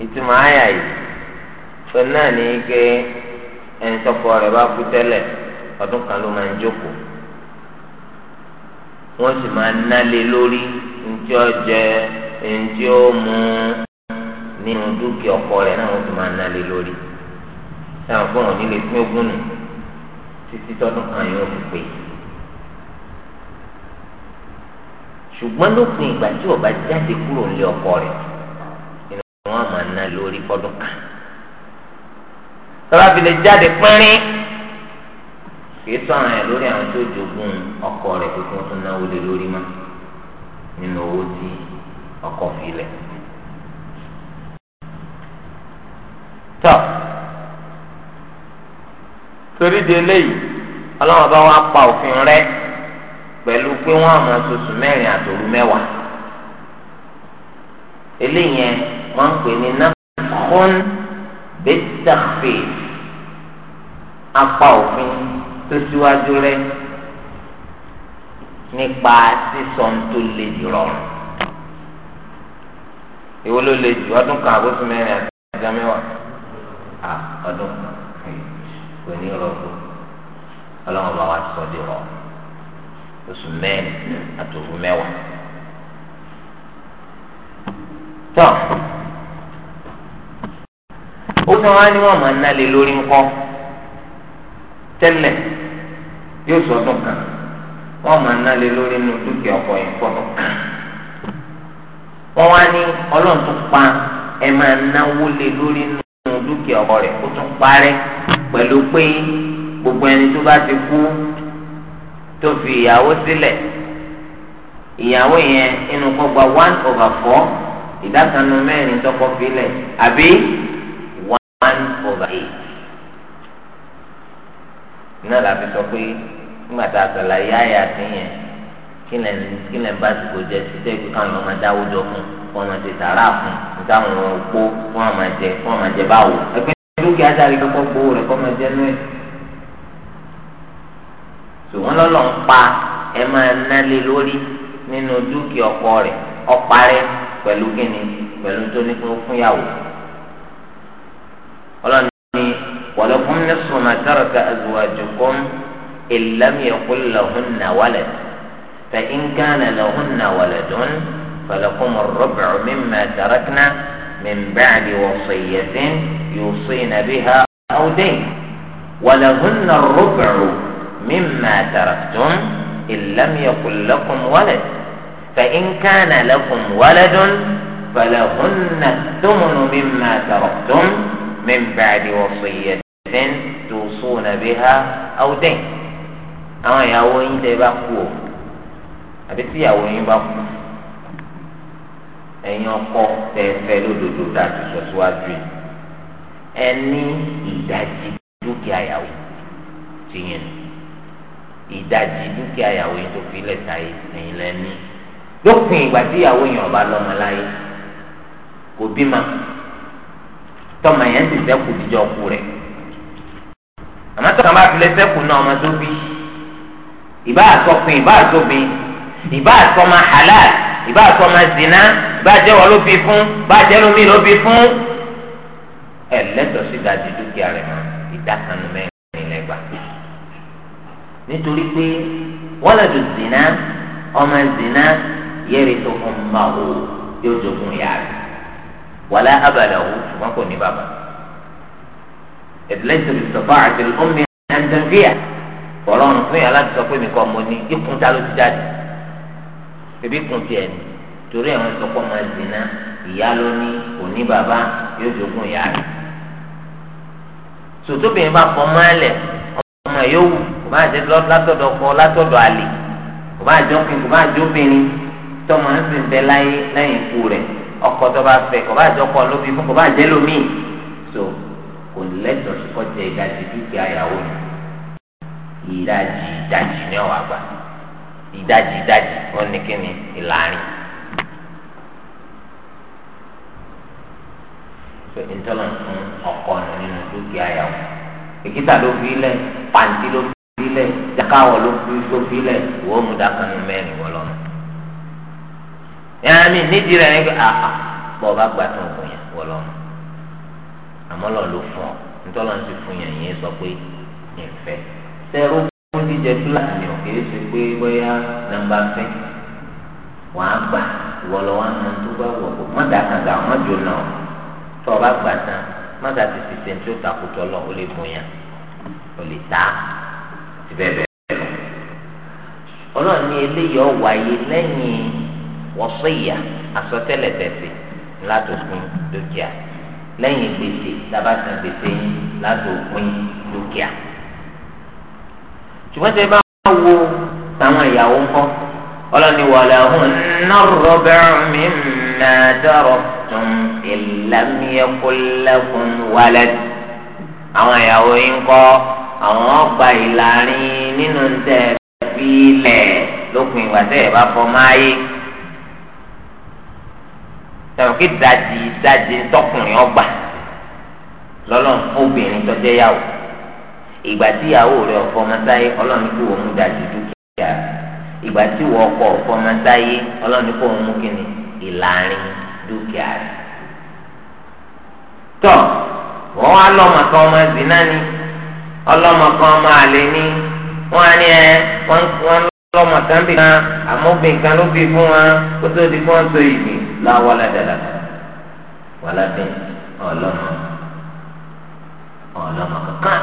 ìtumọ̀ àyà yìí náà ní ike ẹni tọkọ kan ló máa ń jókòó wọ́n sì máa nálé lórí ó jẹ mu nínú dúkìá ọkọ rẹ náà wọ́n ti máa ná lé lórí táwọn fún òní lè pín ogún nù títí tọdún kan yóò fi pé ṣùgbọ́n lópin ìgbà tí ọba jáde kúrò nílé ọkọ rẹ, nínú wọn máa ná lórí fọdún kan tọ́lá fi lè jáde pínrín kìí sọ àwọn ẹ̀ lórí àwọn jogún ọkọ rẹ pé kí wọ́n tún náwó lé ọkọ fi torí di eléyìí ọlọ́wọ́n bá wá pa òfin rẹ pẹ̀lú pé wọ́n àmọ́ oṣooṣù mẹ́rin àtòru mẹ́wàá eléyìí wọ́n ń pè ní nàkún bẹ́tàfé apá òfin tó síwájú rẹ nípa sísọm tó lè rọrùn ìwọ ló lè jù ọdún kan àbóṣù mẹ́rin àti ọjọ́ mẹ́wàá ọdún kan pé ní rọgbọ Ọlọ́run bá wa sọ di rọ oṣù mẹ́rin àtòkù mẹ́wàá tọ ó sọ wá ní wọn máa ná lé lórí ńkọ́ tẹ́lẹ̀ yóò sọ ọdún kan wọn máa ná lé lórí inú dúkìá ọkọ yẹn pọ ọdún kan wọn wá ní Ọlọ́run tó pa ẹ máa náwó lé lórí inú dúkìá ọkọ rẹ̀ kó tún parẹ́ pẹ̀lú pé gbogbo ẹni tó bá ti kú tó fi ìyàwó sílẹ̀ ìyàwó yẹn inú kó gba one over four ìdákanu mẹ́rin tọkọ filẹ̀ àbí one over eight náà la fi sọ pé nígbà tá a sàlàyé àyà sí yẹn kí lẹ́nu bá ti kò jẹ́ sí tẹ́gbẹ́ káwọn ọmọ dáwọ́ jọ fún ọmọ ti sàrà fún un táwọn òpó fún àwọn àjẹ fún àwọn àjẹ báwo ẹgbẹ́ dúkìá dárí kọ́kọ́ gbowó rẹ̀ kọ́ máa jẹ́ nú ẹ̀. ṣùgbọ́n lọ́lọ́ ń pa ẹ máa nálé lórí nínú dúkìá ọkọ rẹ̀ ọparẹ́ pẹ̀lú kíni pẹ̀lú tó ní fún fúnyàwó. ọlọ́ni ni walakum nisfu ma taraka azwajukum illam yakul lahunna walad fa in kana lahunna waladun. فلكم الربع مما تركنا من بعد وصية يوصين بها أو دين ولهن الربع مما تركتم إن لم يكن لكم ولد فإن كان لكم ولد فلهن الثمن مما تركتم من بعد وصية توصون بها أو دين أما يا وين تبقوا أبي يا وين بقوا ẹ̀yin ọkọ tẹ̀fẹ́ lódodo tá a ti sọ síwájú yìí ẹ ní ìdajì dúkìá yàwó ti yẹn ìdajì dúkìá yàwó yẹn tó fi lẹ́ta yìí ẹ̀yin lẹ́ni lópin ìgbà tí ìyàwó yẹn ọba lọ́mọ láyé kò bímọ tọmọ yẹn ti ṣẹ́kù jíjọ ku rẹ̀ àmọ́ tọ́ka bá tilẹ̀ ṣẹ́kù náà ọmọ tó bí ìbá àtọkùn ìbá àtọbìn ìbá àtọmọ halal ìbá àtọmọ zina bàjẹ́ wọn ló bí fún bàjẹ́ lómi ló bí fún ẹ lẹ́tọ̀ọ́ sí ìdajì dúkìá rẹ̀ mọ́ ìdákanu mẹ́rin lẹ́gbà nítorí pé waladu zina ọmọ zina yarithu ummahu yóò jogún ìyá rẹ̀ wala abalahu ṣùgbọ́n kò ní bàbá ìdílẹ́sẹ̀ ìsọ̀fà àti ọmọ ẹ̀ńdẹ̀fíà ọlọ́run fún yàrá ti sọ pé mi kọ́ mo ní ikùn ta ló ti jáde ebi kùn tiẹ̀ ni torí àwọn sọpọ máa zina, ìyá ló ní òní bàbá yóò jogún ìyá rẹ̀ sòtóbìnrin bá fọ mọ́ẹ́lẹ̀ ọmọ yóò wù kò bá jẹ látọ̀dọ̀ kọ látọ̀dọ̀ àlè kò bá jọ pin kò bá jọ obìnrin tọmọ ń sìn bẹ láyé lẹ́yìn ikú rẹ̀ ọkọ tó bá fẹ́ kò bá jọ kọ lóbi fún kò bá jẹ lómìn so kò lẹ́tọ̀ọ́ sí jẹ ìdajì dúkìá ìyàwó mi ìdajì ìdajì ni ọ̀ wá ìdajì ìdajì wọn ní kíni ìlàrin. pé ntọ́nà fún ọkọ rẹ̀ nínú dúkìá yàwó èkìtà ló fi lẹ̀ pàǹtí ló fi lẹ̀ jákàwọ̀ ló fi ló fi lẹ̀ wọ́n dákanu mẹ́rin wọ́n lọ́nà. mi nídìí rẹ̀ yẹn pé bọ̀ bá gbà tó òkun yẹn wọ́n lọ́nà ló fún ọ fún sọ pé ìfẹ́ sẹ́rú fún ni òkè é ṣe bá tó o bá gbà tán má gà tètè ṣe ní tó takùtọ̀ lọ o lè bóyá o lè ta ti bẹ́ẹ̀ bẹ́ẹ̀ lọ. ọlọ́run ní eléyìí ọ̀wà yìí lẹ́yìn wọ́sọ̀yà àsọtẹ́lẹ̀ tẹ̀sí látòkun dúkìá lẹ́yìn gbèsè tábàtàn gbèsè látòkun dúkìá. ṣùgbọ́n tẹ bá wo táwọn ìyàwó ńkọ́ ọlọ́ni wàlẹ̀ ọ̀hún náà rọ̀bẹ̀rún mi máa dọ̀rọ̀. أنتم إن لم يكن لكم ولد àwọn ìyàwó yín kọ́ àwọn ọgbà ìlàrin nínú tẹ fi lẹ̀ lópin ìgbà tẹ́ ẹ̀ bá fọ máyé tẹ̀wọ́n kí dajì dajì tọkùnrin ọgbà lọ́lọ́run fún obìnrin tọ́jẹ́ yàwó ìgbà tí ìyàwó rẹ̀ ọ̀fọ́ mọ́sáyé ọlọ́run kí wọ́n mú dajì dúkìá ìgbà tí ìwọ ọkọ ọ̀fọ́ mọ́sáyé ọlọ́run kí wọ́n mú kíni ìlàrin dúkìá rẹ̀ wọ́n wá lọ́mọ kan ọmọ zina ni ọlọ́mọ kan ọmọ àlè ni wọ́n á ní ẹ wọ́n lọ́mọ kan bí kan àmọ́bìn kan ló bí fún wọn kó tó di fún wọn so ìgbì láwọ́ ládàlá wàlábìn ọlọ́mọ ọlọ́mọ kankan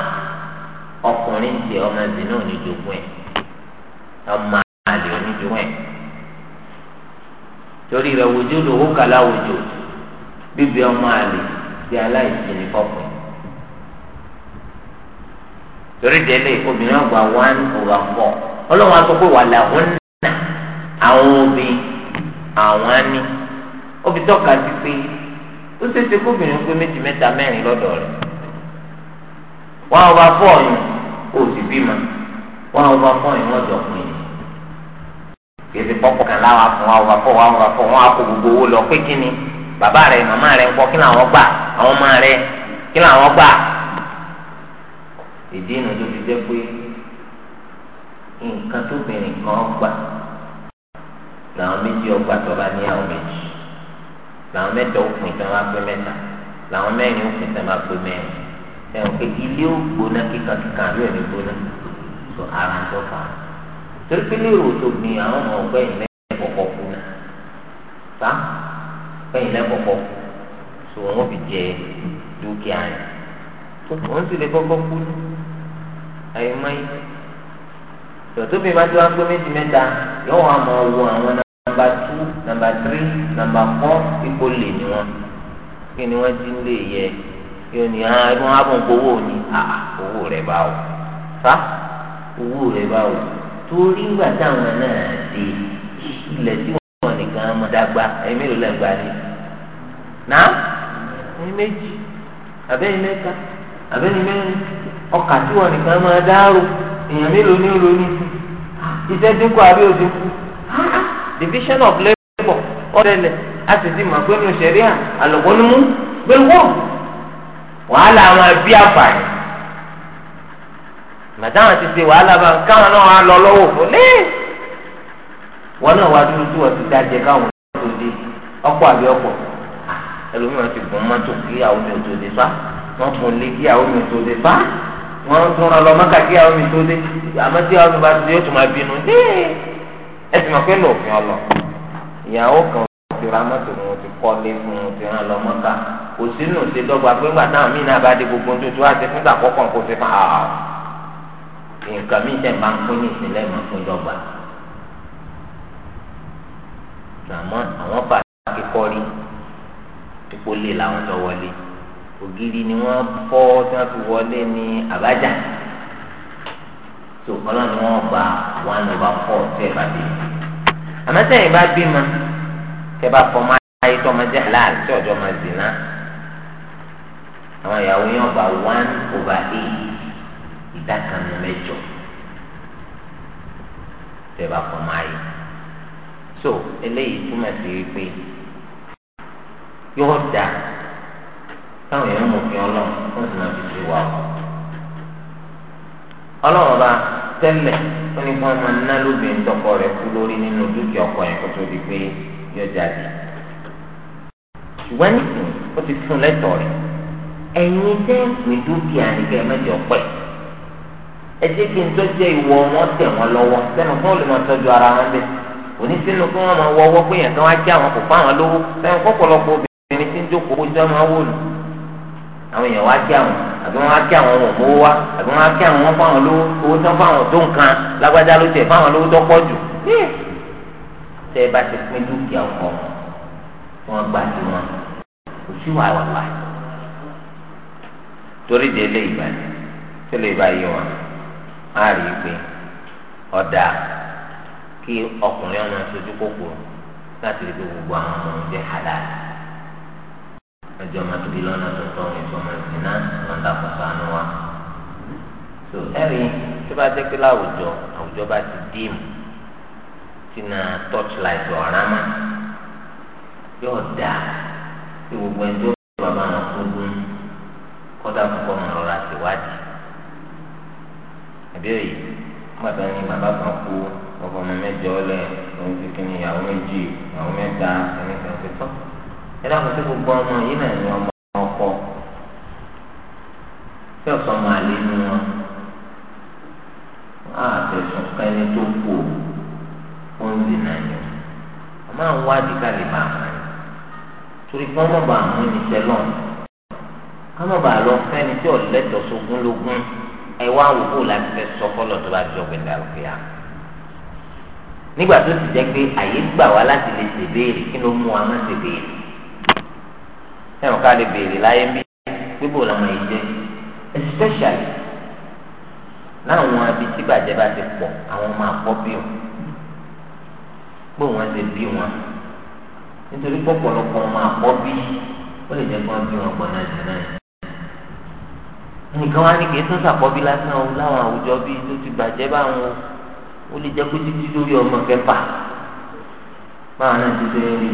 ọkùnrin ti ọmọ zina onídjogún ẹ̀ ọmọ àlè ẹ̀. torí rẹ̀ wojú kala kàlá wojú bíbí ọmọ àlè bí aláìsí ní fọkùn torí délé obìnrin ọgbà one over four ọlọ́wọ́n aṣọ pé wà láwọn nà àwọn obìnrin àwọn á ní tọ́ka sí pé ó ṣeéṣe kóbìnrin pé méjì mẹ́ta mẹ́rin lọ́dọ̀ rẹ̀ one over four sì bímọ one over four kìí pọpọ kan láwa fún wa wà fún wa wà gbogbo owó lọ pé kíni bàbá rẹ màmá rẹ ń kí làwọn gbà àwọn ọmọ rẹ kí làwọn gbà. ìdí inú tó fi jẹ́ pé nǹkan tó kan gbà làwọn méjì ọgbà tó bá níyàwó méjì làwọn òfin pé làwọn òfin pé pé torí pé lérò tó gbìn àwọn ọmọ ọgbẹ́ ìlẹ́ kọ̀kọ́ kú náà so wọn fi jẹ dúkìá yẹn wọn sì lè kọ́kọ́ kú ní ayé mayi tòtòbí bá ti wá méjì mẹ́ta yóò wá mọ owó àwọn nàmbà tú nàmbà tírí nàmbà lè ní wọn kí ni wọ́n ti ń lè yẹ yóò ní torí ńgbà táwọn náà di ilẹ̀ tí wọ́n nìkan máa dàgbà ẹ̀yìn mélòó lẹ́gbàá ni nà ẹ̀yìn méjì ka, mẹ́ta àbẹ́yìn mẹ́rin ọkà tí wọ́n nìkan máa dárò èèyàn mélòó ní olóní iṣẹ́ dínkù àbí òdínkù division of labour ọ̀rẹ́lẹ̀ a sì ti mọ̀ pé wàhálà àwọn ẹbí àfààní. màtáwọn ti ṣe wàhálà bá ń káwọn náà wà lọ lọ́wọ́ fún ní. wọn náà wá dúró tí wọn ti dájẹ káwọn náà tó dé ọ̀pọ̀ àbí ọ̀pọ̀ ah, ẹlòmíràn ti gùn mọ́tò kí àwọn mi ò tó dé fa wọn fún lé kí àwọn mi ò tó dé fa wọn tún ra lọ mọkà kí àwọn mi tó dé àmọ́ tí àwọn mi bá ti dé yóò tún máa bínú dé ẹ ti mọ̀ pé ní òfin ọlọ ìyàwó kan ti ra mọ́tò ni wọ́n ti kọ́lé fún un ti ràn lọ mọ́ta kò sínú ṣe pé ńgbà táwọn míì náà bá dé gbogbo ohun tó tó wá ṣe fún ìgbà àwọn nǹkan mi tẹ̀ máa ń pín ní ìsìnlẹ̀ máa ń pín dọ́gba. àmọ́ àwọn bá kíkọ́ rí ipò lè làwọn tó wọlé ògiri ni wọ́n fọ́ tí wọ́n fi wọlé ní àbájá tó ọlọ́run ni wọ́n gba one over four tẹ́ bá dé. àmọ́ sẹ́yìn bá bímọ tẹ́ bá fọmọ ayé tó máa jẹ́ aláàlú tí ọjọ́ máa dì náà àwọn ìyàwó yẹn gba one over eight ìdákanu mẹ́jọ tẹ́ bá fọmọ ayé so eléyìí túmọ̀ sí wípé yóò dà táwọn èèyàn mọ̀ fi ọlọ́run wọ́n sì máa fi ṣe wà ó ọlọ́run bá tẹ́lẹ̀ ó ní kí wọ́n máa ná lóbìnrin tọkọ rẹ̀ kú lórí nínú dúkìá ọkọ yẹn kó tó di pé yóò jáde ṣùgbọ́n nísìnyí ó ti fún lẹ́tọ̀ọ́ rẹ̀ ẹ̀yin tẹ́ pín dúkìá nìkẹ́ mẹ́jọ pẹ̀. ẹjẹ kí n tó jẹ ìwọ wọn tẹ wọn lọ́wọ́ sẹnu fún olùmọ tọ́jú ara wọn bẹ òní sínú kí wọn máa wọwọ pé yẹn tó wá jẹ àwọn kò fún lówó sẹnu kọpọlọpọ obìnrin tí ń jókòó ojú ọmọ wò lù àwọn èèyàn wá kí àwọn àbí wọn wá kí àwọn wọn mówó wá àbí wọn wá kí àwọn wọn á ikpe, i pé ọ̀dà kí ọkùnrin ọmọ sojú kòkòrò láti rí pé gbogbo àwọn ọmọ òun jẹ́ halal máa tóbi lọ́nà tó tọ́ ètò ọmọ ìsìn náà dàpọ̀ sánú wa. tó ẹ̀rí tó bá jẹ́ pé láwùjọ àwùjọ bá ti tí na torchlight ọ̀ràn mọ́ yóò dà tí gbogbo ẹjọ́ bàbá wọn kó gún àbíyẹ yìí pàtó ni bàbá kan kú ọkọ ọmọ mẹ́jọ lẹ òun ti kí ni ìyàwó méjì ìyàwó mẹ́ta ẹni kan ti tọ ẹ dákun sí gbogbo ọmọ yìí náà ni ọmọ ọkọ tí ọ̀sán máa lé nu wọn àtẹ̀sùn kan ẹni tó kú ó ń dènà yẹn àmọ́ àwọn wádìí ká lè bá a mọ̀ torí kí wọ́n bá àwọn ènìyàn lọ́n ká bá a lọ fẹ́ni tí ọ̀lẹ́dọ̀sógún lógún ẹ wá wò láti fẹ́ sọ fọlọ́ tó bá jọ gbẹ̀dẹ̀ àlùkìyà nígbà tó ti jẹ́ pé àyè gbà wá láti lè ṣèbéèrè kí ló mú wa má ṣèbéèrè ẹ̀rọ ká lè béèrè láyé ń bí làwọn èyí jẹ́ especially láwọn abi tí bàjẹ́ bá ti pọ̀ àwọn máa pọ̀ bí wọn pé wọ́n ti bí wọn nítorí pọ̀pọ̀lọpọ̀ máa pọ̀ bí ó lè jẹ́ kí wọ́n bí wọn pọ̀ náà jẹ́ náà nìkan wá ní kí ètò sàkọ́bí lásán o láwọn àwùjọ bíi tó ti bàjẹ́ báwọn o ó lè jẹ́ pé títí lórí ọmọ kẹfà báwọn náà ti fẹ́ rí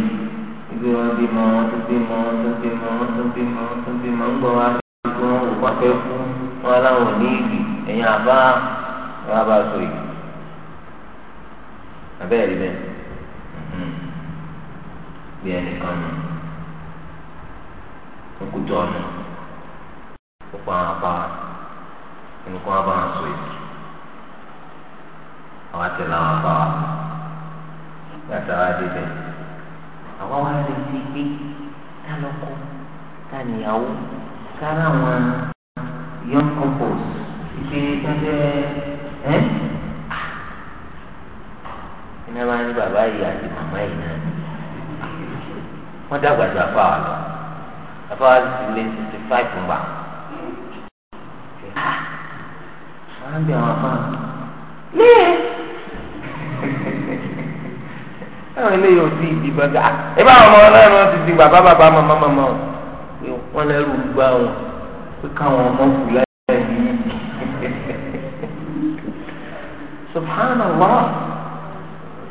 ibi wọn bímọ wọn tó bímọ wọn tó bímọ wọn tó bímọ wọn tó bímọ ń gbọ́ wá gbogbo wọn ò wá fẹ́ fún wọn láwọn ò ní ìgbì ẹ̀yìn àbá wọn á bá so ìgbì abẹ́rẹ́ rí bẹ́ẹ̀ bí ẹnìkan nù ó kú jọ ọ̀nà kópa àwọn apá inú kó wọn bá wọn sọ èdè àwọn àtẹlẹ àwọn apá wa gbàtà wa dé bẹ àwọn wa lè ti gbé ká lọkọ ká níyàwó ká láwọn young couples ìgbé tẹ́tẹ́ ẹ́ iná bá ní bàbá yìí àti màmá yìí náà wọ́n dàgbà ju lọ afáwa ti lé sixty five mbà wọn ń bẹ àwọn afá ní àwọn eléyìí ò sí ìdìbò dá ẹ bá àwọn ọmọ ọlọ́run wọn ti di bàbá bàbá màmá màmá o wọn lẹ́rù gbá wọn pé káwọn ọmọ fúlẹ́ yìí subhanallah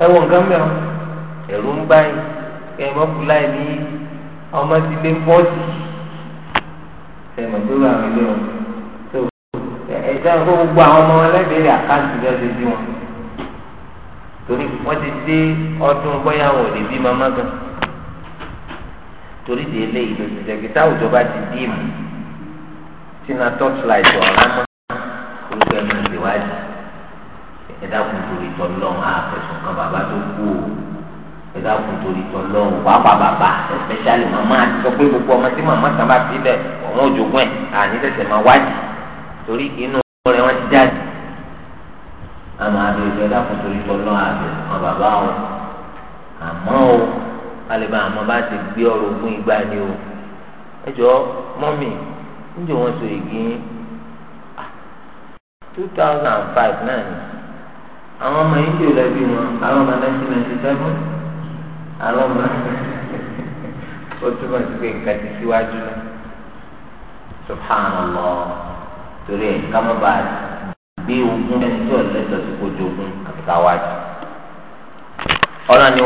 ẹ wọ nǹkan mẹ́wọ́ ẹ̀rù ń báyìí kẹ́ ẹ mọ́ fúlẹ́ yìí ọmọ ti lé bọ́ọ̀sì ẹ̀ mọ̀ pé wọ́n àwọn ilé wọn ẹnìkan kó gbogbo àwọn ọmọ ẹlẹ́bẹ̀rẹ̀ àkáǹtì rẹ̀ ti di wọn torí wọ́n ti dé ọdún bóyá wọn ò lè bí mamá gan torí de eléyìí ló ti dẹ̀bi táwùjọ bá ti dí ìmù tí na torchlight ọ̀rá mọ́ orúkọ ẹ̀mí ìwádìí ẹ̀dá kun torí tọ́ lọ́hùn àfẹ̀sùn kan bàbá tó kú o ẹ̀dá kun torí tọ́ lọ́hùn pàápàá bàbá especially màmá àti sọ pé gbogbo ọmọ tí màmá kan bá fi lẹ̀ ọ̀wọ́n òjògùn ẹ̀ àní tẹ̀sẹ̀ máa wádìí torí inú ọ̀rẹ́ wọn ti jáde àmọ́ àbẹ ìfẹ́ dàpọ̀ torí tọ́lọ́ àbẹ àwọn bàbá o àmọ́ o alẹ́bà àmọ́ ti gbé ọ̀rọ̀ ogún igba ni o ẹjọ́ mọ́mì níjọ wọn so ègì two thousand and five náà ni àwọn ọmọ yìí ti rẹ̀ bí wọn àwọn ọmọ nineteen ninety seven àwọn ọmọ *laughs* ó sí torí ẹ̀ ká má bàa gbé ogún ẹni tí ò lẹ́tọ̀ọ́ sí kojú ogún kàkàwájú. ọlọ́ni